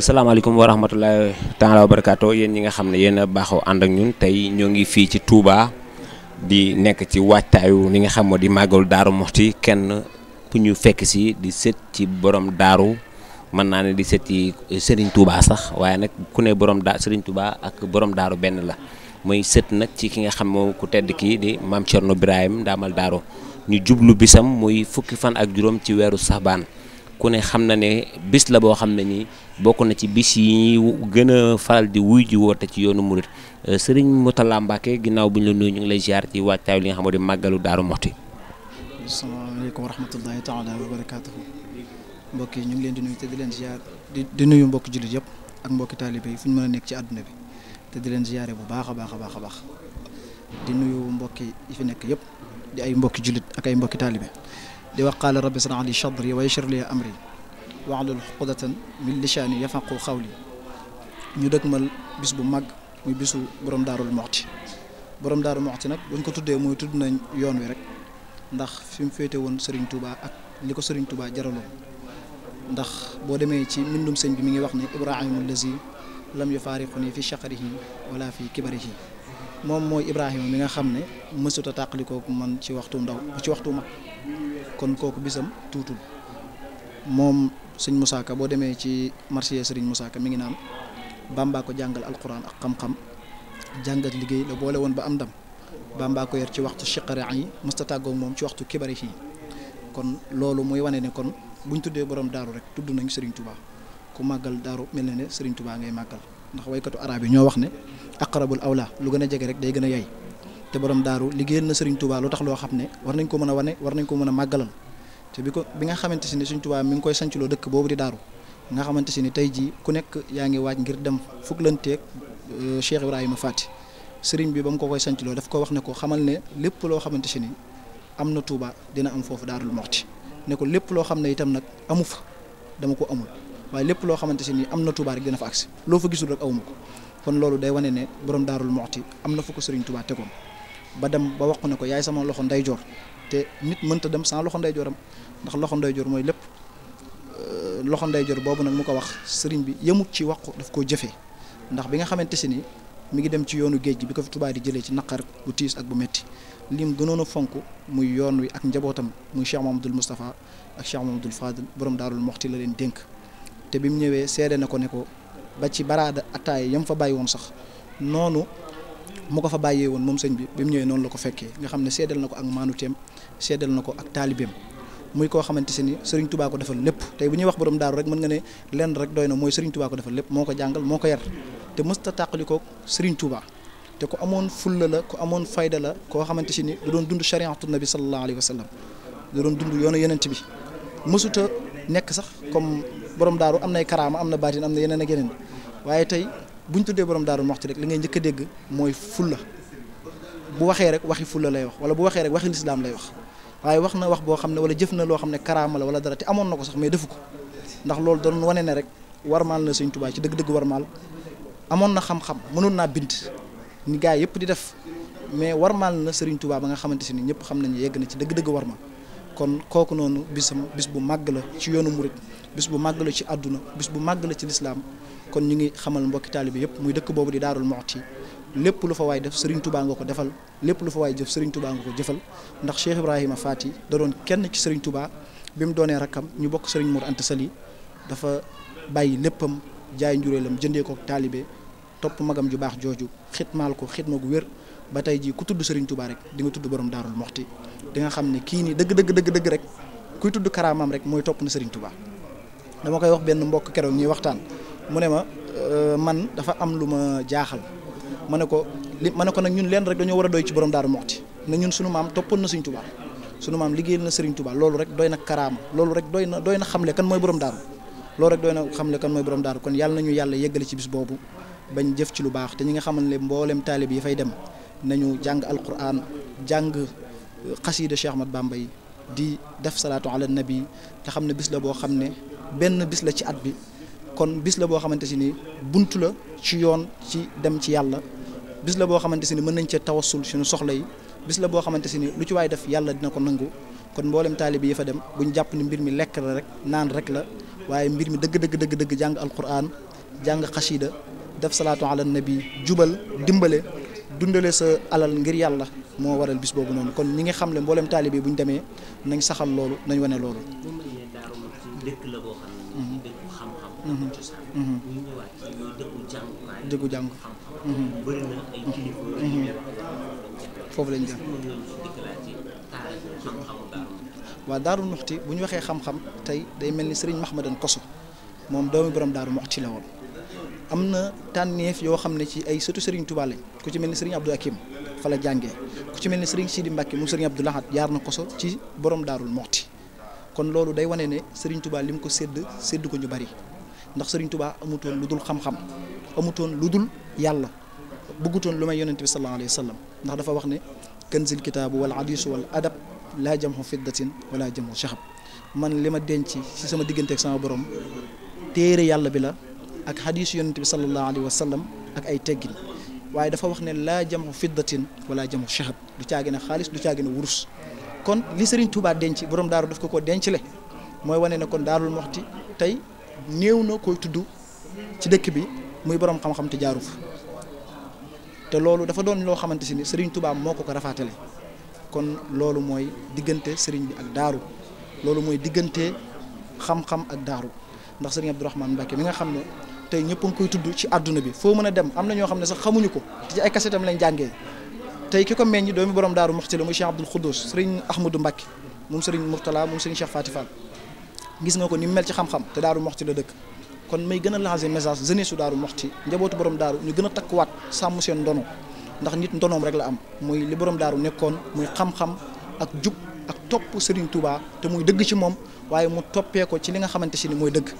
salaamaaleykum wa rahmatullahi taala wa barakaatu yéen ñi nga xam ne yéen a baaxoo ànd ak ñun tey ñoo ngi fii ci Touba di nekk ci waajtaayu li nga xam moo di màggalu Daaru Muxti kenn ku ñu fekk si di sët ci borom daaru mën naa ne di sët ci Serigne Touba sax waaye nag ku ne borom daa sëriñ Touba ak borom daaru benn la muy sët nag ci ki nga xam moo ku tedd kii di mam Thierno Birahim daamal daaro ñu jublu bisam muy fukki fan ak juróom ci weeru Saxbaan ku ne xam na ne bis la boo xam ne nii bokk na ci bis yi ñuy gën a faral di wuy ji te ci yoonu murit euh, sëriñ Moutalla Mbacke ginnaaw bu ñu la nuyu ñu ngi lay ziar ci waajtaay li nga xam ne di màggalu Daaru Moxti. asalaamaaleykum wa rahmatullahi taala wa barakaatuhu mbokk ñu ngi leen di nuyu te di leen ziar di nuyu mbokki jullit yëpp ak mbokki taalibe yi fu ñu mën a nekk ci àdduna bi te di leen ziare bu baax a baax a baax a baax di nuyu mbokki yi fi nekk yëpp di ay mbokki jullit ak ay mbokki di wax qaala rabbi ishrah li sadri wa yassir li amri wahlul uqdatan min lisaani yafqahu qawli ñu dëgmal bis bu mag muy bisu borom daarul moxti borom daarul moxti nag buñ ko tuddee mooy tudd nañ yoon wi rek ndax fi mu féete woon sëriñ Touba ak li ko sëriñ Touba jaraloo ndax boo demee ci mbindum sëñ bi mi ngi wax ne Ibrahima allazi lam yufaariquni fi shaqrihi wala fi kibarihi moom mooy Ibrahima mi nga xam ne mësut a tàqalikoo man ci waxtu ndaw ci waxtu mag. kon kooku bisam tuutul moom sëñ Moussa Ka boo demee ci marché sëriñ Moussa Ka mi ngi naan Bàmbaa ko jàngal alquran ak xam-xam jàngat liggéey la boole woon ba am ndam Bàmbaa ko yar ci waxtu chiqara yi mësta tàggoog moom ci waxtu kibari yi kon loolu muy wane ne kon buñ tuddee borom daaru rek tudd nañ sëriñ Touba ku màggal daaru mel na ne sëriñ tubaa ngay màggal ndax waykatu arab yi ñoo wax ne aqrabul awla lu gën a jege rek day gën a yay te borom daaru liggéeyal na Serigne Touba lu tax loo xam ne war nañ ko mën a wane war nañ ko mën a màggalal te bi ko bi nga xamante si ni Serigne Touba mi ngi koy sancloo dëkk boobu di daaru nga xamante si ni tey jii ku nekk yaa ngi waaj ngir dem fuklanteeg euh, Cheikh Ibrahima Fati Serigne bi ba mu ko koy sancloo daf ko wax ne ko xamal ne lépp loo xamante si ni am na Touba dina am foofu daarul moxti ne ko lépp loo xam ne itam nag amu fa dama ko amul waaye lépp loo xamante si ni am na Touba rek dina fa agsi loo fa gisul awuma ko kon loolu day wane ne borom daarul moxti am na fu ko Serigne Touba ba dem ba wax ne ko yaay sama loxo ndayjoor te nit mënta dem sans loxo ndeyjooram ndax loxo ndayjoor mooy lépp euh, loxo ndeyjoor boobu nag mu ko wax sëriñ bi yemut ci wax ko daf koo jëfee ndax bi nga xamante si ni mu ngi dem ci yoonu géej bi ko fi tubaab di jëlee ci naqar bu tiis ak bu metti lim gënoon a fonk muy yoon wi ak njabootam muy Cheikh Mamadou Moustapha ak Cheikh Mamadou Fadil borom daarul moxti la leen dénk te bi mu ñëwee seede na ko ne ko ba ci baraada attaay yam fa bàyyi woon sax noonu mu ko fa bàyyee woon moom sëñ bi bi mu ñëwee noonu la ko fekkee nga xam ne seedal na ko ak maanuteem seedal na ko ak taalibeem muy koo xamante se ni Serigne Touba ko lépp tey bu ñuy wax borom daaru rek mën nga ne lenn rek doy na mooy Serigne Touba ko defal lépp moo ko jàngal moo ko yar te mësta tàqali ko Serigne Touba te ku amoon fulla la ku amoon fayda la koo xamante si ni da doon dund chariatu nabi sallallahu alayhi wa sallam da doon dund yoonu yenent bi mësuta nekk sax comme borom daaru am nay karaama am na baatin na yeneen ak yeneen waaye tey bu ñu tuddee borom Daaru Muxti rek li ngay njëkk dégg mooy fulla bu waxee rek waxi fulla lay wax wala bu waxee rek waxi lislaam lay wax waaye wax na wax boo xam ne wala jëf na loo xam ne karaama la wala dara te amoon na ko sax mais defu ko ndax loolu doon wane ne rek warmaal na Sëñ Tuubaa ci dëgg-dëgg warmaal amoon na xam-xam mënoon naa bind ni gaa yëpp di def mais warmaal na Sëriñ Tuubaa ba nga xamante si ni ñëpp xam nañu yegg na ci dëgg-dëgg warmaal kon kooku noonu bisam bis bu màgg la ci yoonu murit bis bu màgg la ci àdduna bis bu màgg la ci lislaam kon ñu ngi xamal mbokki taalibe yëpp muy dëkk boobu di Daarul Muxti lépp lu fa waay def Serigne Touba nga ko defal lépp lu fa waay jëf Serigne Touba nga ko jëfal ndax Cheikh Ibrahima Faati da doon kenn ci Serigne Touba bi mu doonee rakkam ñu bokk Serigne Mour Anta Sali dafa bàyyi léppam jaay njureelam jëndee ko taalibe topp magam ju baax jooju xitmaal ko xitma ku wér ba tey jii ku tudd Serigne Touba rek di nga tudd borom Daarul Muxti di nga xam ne kii nii dëgg dëgg dëgg dëgg rek kuy tudd karaamam rek mooy topp na Serigne tubaa dama koy wax benn mbokk keroog ñuy waxtaan mu ne ma euh, man dafa am lu ma jaaxal ma ne ko li ma ne ko nag ñun leen rek dañoo war a doy ci borom Daaru Muxti ne ñun sunu maam toppoon na Serigne Touba sunu maam liggéeyal na Serigne tubaa loolu rek doy na karaama loolu rek doy na doy na xamle kan mooy borom daaru loolu rek doy na xamle kan mooy borom daaru kon yàlla nañu yàlla yeggale ci bis boobu bañ jëf ci lu baax te ñi nga xamal ne mboolem taalib yi fay dem nañu jàng alquran jàng xasiida Cheikh Ahmad Bamba yi di def salaatu ala nabi te xam ne bis la boo xam ne benn bis la ci at bi kon bis la boo xamante si ni bunt la ci yoon ci dem ci yàlla bis la boo xamante si ni mën nañ cee tawassul suñu soxla yi bis la boo xamante si ni lu ci waay def yàlla dina ko nangu kon mboolem taalibe yi fa dem bu buñ jàpp ni mbir mi lekk la rek naan rek la waaye mbir mi dëgg dëgg dëgg dëgg jàng alquran jàng xasiida def salaatu ala nabi jubal dimbale dundale sa alal ngir yàlla moo waral bis boobu noonu kon ñi nga xam ne mboolem taalibe bu ñu demee nañ saxal loolu nañ wane loolu. dëkk la boo xam ne foofu lañ jàng waaw Daaru Muxti bu ñu waxee xam-xam tey day mel ni sëriñ Mahmadan Koso moom doomi borom Daaru Muxti la woon am na tànneef yoo xam ne ci ay sëtu sëriñ Touba lañ ku ci mel ni Serigne Abdou Hakim fa la jàngee ku ci mel ne Serigne Sidi Mbacke mu Serigne Abdou Lahad jaar na koso ci borom daarul moxti kon loolu day wane ne tubaa li mu ko sédd sédd ko ñu bari ndax Serigne tubaa amutoon lu dul xam-xam amutoon lu dul yàlla bëggutoon lu may yonent bi sallallahu alayhi wa sallam ndax dafa wax ne kanzil kitaabu wal hadiisu wal adab laa jamhu fiddatin wala jamhu shahab man li ma denc ci sama diggante ak sama borom téere yàlla bi la ak hadiisu yonent bi sallallahu alayhi wa ak ay teggin waaye dafa wax ne laa jamu fiddatin wala jamu shahab du caagi ne xaalis du caagi ne wurus kon li Serigne Touba denc borom daaru daf ko ko denc le mooy wane ne kon daarul moxti tey néew na ko tudd ci dëkk bi muy borom xam-xam te jaaru fa te loolu dafa doon loo xamante si ni sëriñ Touba moo ko ko rafaatale kon loolu mooy diggante sëriñ bi ak daaru loolu mooy diggante xam-xam ak daaru ndax Serigne Abdourahmane Mbacke bi nga xam ne. tey ñëpp koy tudd ci àdduna bi foo mën a dem am na ñoo xam ne sax xamuñu ko te ci ay kasetam lañ jàngee tey ki ko meññ doomi borom daaru Muxti la muy Cheikh Abdoul Khoudous sëriñ Ahmadou Mbacke moom sëriñ Mourtala moom sëriñ Cheikh Fati Fall gis nga ko ni mel ci xam-xam te daaru Muxti la dëkk kon may gën a lancer message jeunesse su daaru Muxti njabootu borom daaru ñu gën a takkuwaat sàmm seen ndono ndax nit ndonoom rek la am muy li borom daaru nekkoon muy xam ak jub ak topp Serigne Touba te muy dëgg ci moom waaye mu toppee ci li nga xamante si ni mooy dëgg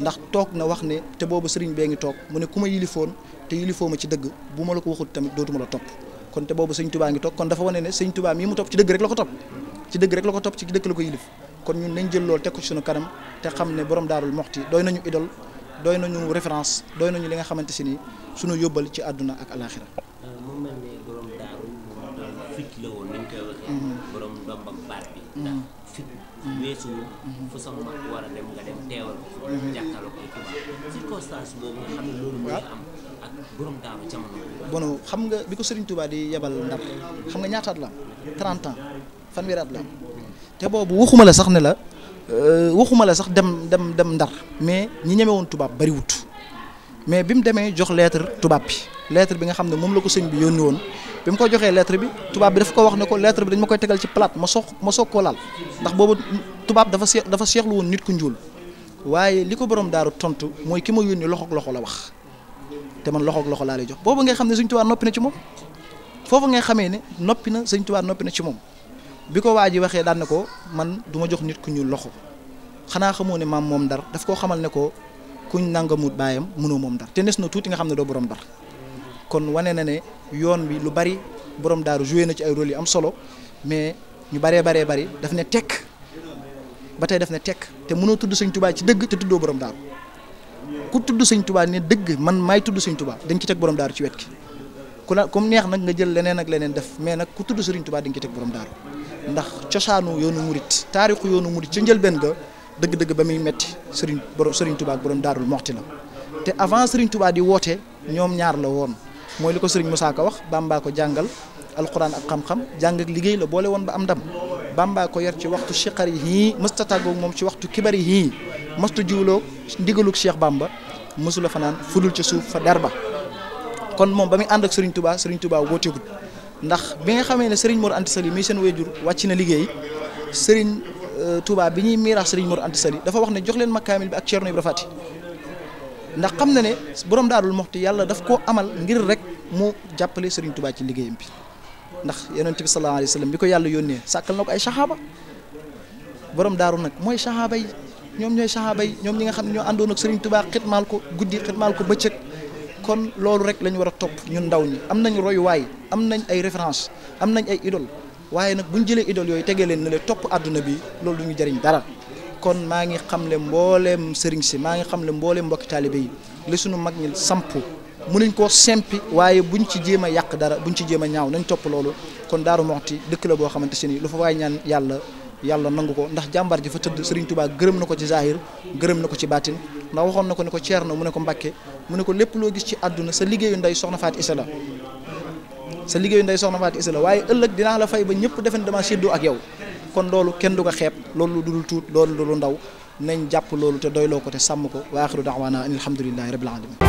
ndax toog na wax ne te boobu sëriñ bee ngi toog mu ne ku ma yilifoon te yilifoo ma ci dëgg bu ma la ko waxut tamit dootuma la topp kon te boobu sëñ tubaa ngi toog kon dafa wane ne sëñ tubaa mii mu topp ci dëgg rek la ko topp ci dëgg rek la ko topp ci dëgg la ko yilif kon ñun nañ jël loolu te ko sunu kanam te xam ne borom daarul moxti doy nañu idol doy nañu référence doy nañu li nga xamante si ni sunu yóbbal ci àdduna ak alaxira borom weesuwul fu sama mhm. xam bono xam nga bi ko Serigne Touba di yebal ndar xam nga ñaataat la am 30 ans fanweeri at la hmm. te boobu waxuma la sax ne la euh, waxuma la sax dem dem dem ndar mais ñi ñeme woon tubaab bariwut mais bi mu demee jox lettre tubaab bi lettre bi nga xam ne moom la ko sëñ bi yónni woon bi mu ko joxee lettre bi tubaab bi dafa ko wax ne ko lettre bi dañ ma koy tegal ci plate ma soog ma soog koo laal ndax boobu tubaab dafa seex dafa seexlu woon nit ku njuul waaye li ko boroom daaru tontu mooy ki ma yónni loxoog loxo la wax te man loxoog loxo laa lay jox boobu ngay xam ne sëñ Tuubaa noppi na ci moom foofu ngay xamee ne noppi na sëñ noppi na ci moom bi ko waa ji waxee daan na ko man duma jox nit ku ñuul loxo xanaa xamoo ne maam moom dar daf koo xamal ne ko kuñ nangamut baayam mënoo moom Ndar te nes na tuuti nga xam ne doo borom Ndar kon wane na ne yoon bi lu bari borom daaru joué na ci ay role yu am solo mais ñu baree baree bari daf ne tekk ba tey daf ne tekk te mënoo tudd sëñ tubaa ci dëgg te tuddoo borom daaru ku tudd sëñ tubaa ne dëgg man maay tudd sëñ tubaa dañ ci teg borom daaru ci wet ki ku la comme neex nag nga jël leneen ak leneen def mais nag ku tudd sëriñ tubaa dañ borom daaru ndax cosaanu yoonu murit taarixu yoonu murit ca njëlbeen ga dëgg-dëgg ba muy metti sëriñ borom sëriñ tubaa borom daarul moxti la te avant sëriñ tubaa di woote ñoom ñaar la woon mooy li ko sëriñ Moussa ko wax Bàmbaa ko jàngal alquran ak xam-xam jàng ak liggéey la boole woon ba am ndam Bàmbaa ko yar ci waxtu siqar yi hii mësta tàggoog moom ci waxtu kibar yi hii mësta jiwloo ndigalug Cheikh Bamba mësula fanaan fudul ca suuf fa ba kon moom ba muy ànd ak sëriñ Touba sëriñ Touba wóoteegut ndax bi nga xamee ne sëriñ Mor Anta Sali mii seen wéjur wàcci na liggéey sëriñ euh, Touba bi ñuy miiraax sëriñ Mor Anta Sali dafa wax ne jox leen ma kaamil bi ak Ceerno ndax xam na ne borom daarul moxti yàlla daf koo amal ngir rek mu jàppale Serigne Touba ci liggéeyam bi ndax yonent bi sallallahu alayhi wa bi ko yàlla yónnee sàkkal na ko ay saxaaba borom daaru nag mooy saxaaba yi ñoom ñooy saxaaba yi ñoom ñi nga xam ne ñoo àndoon ak Serigne Touba xitmaal ko guddi xitmaal ko bëccëg kon loolu rek la ñu war a topp ñun ndaw ñi am nañ royuwaay am nañ ay référence am nañ ay idole waaye nag bu ñu jëlee idole yooyu tegee leen ne le topp àdduna bi loolu du jëriñ dara. kon maa ngi xam le mbooleem sëriñ si maa ngi xam le mbooleem mbokki taalibe yi li sunu mag ñi samp sampu mënuñ koo sempi waaye buñ ci jéem a yàq dara buñ ci jéem a ñaaw nañ topp loolu kon Daaru Muxti dëkk la boo xamante si ni lu fa waaye ñaan yàlla yàlla nangu ko ndax jàmbaar ji fa tëdd Sëriñ Tuubaa gërëm na ko ci zahir gërëm na ko ci baatin ndax waxoon na ko ne ko ceer na mu ne ko Mbàkke mu ne ko lépp loo gis ci àdduna sa liggéeyu ndey soxna Faati Isa la sa liggéeyu ndey soxna Faati Isa la waaye ëllëg dinaa la fay ba ñëpp defen dama séddoo ak yow kon loolu kenn du ko xeeb loolu du dul tuut loolu du lu ndaw nañ jàpp loolu te doyloo ko te sàmm ko wa axiru daawaana an alhamdulillahi rabbil alamin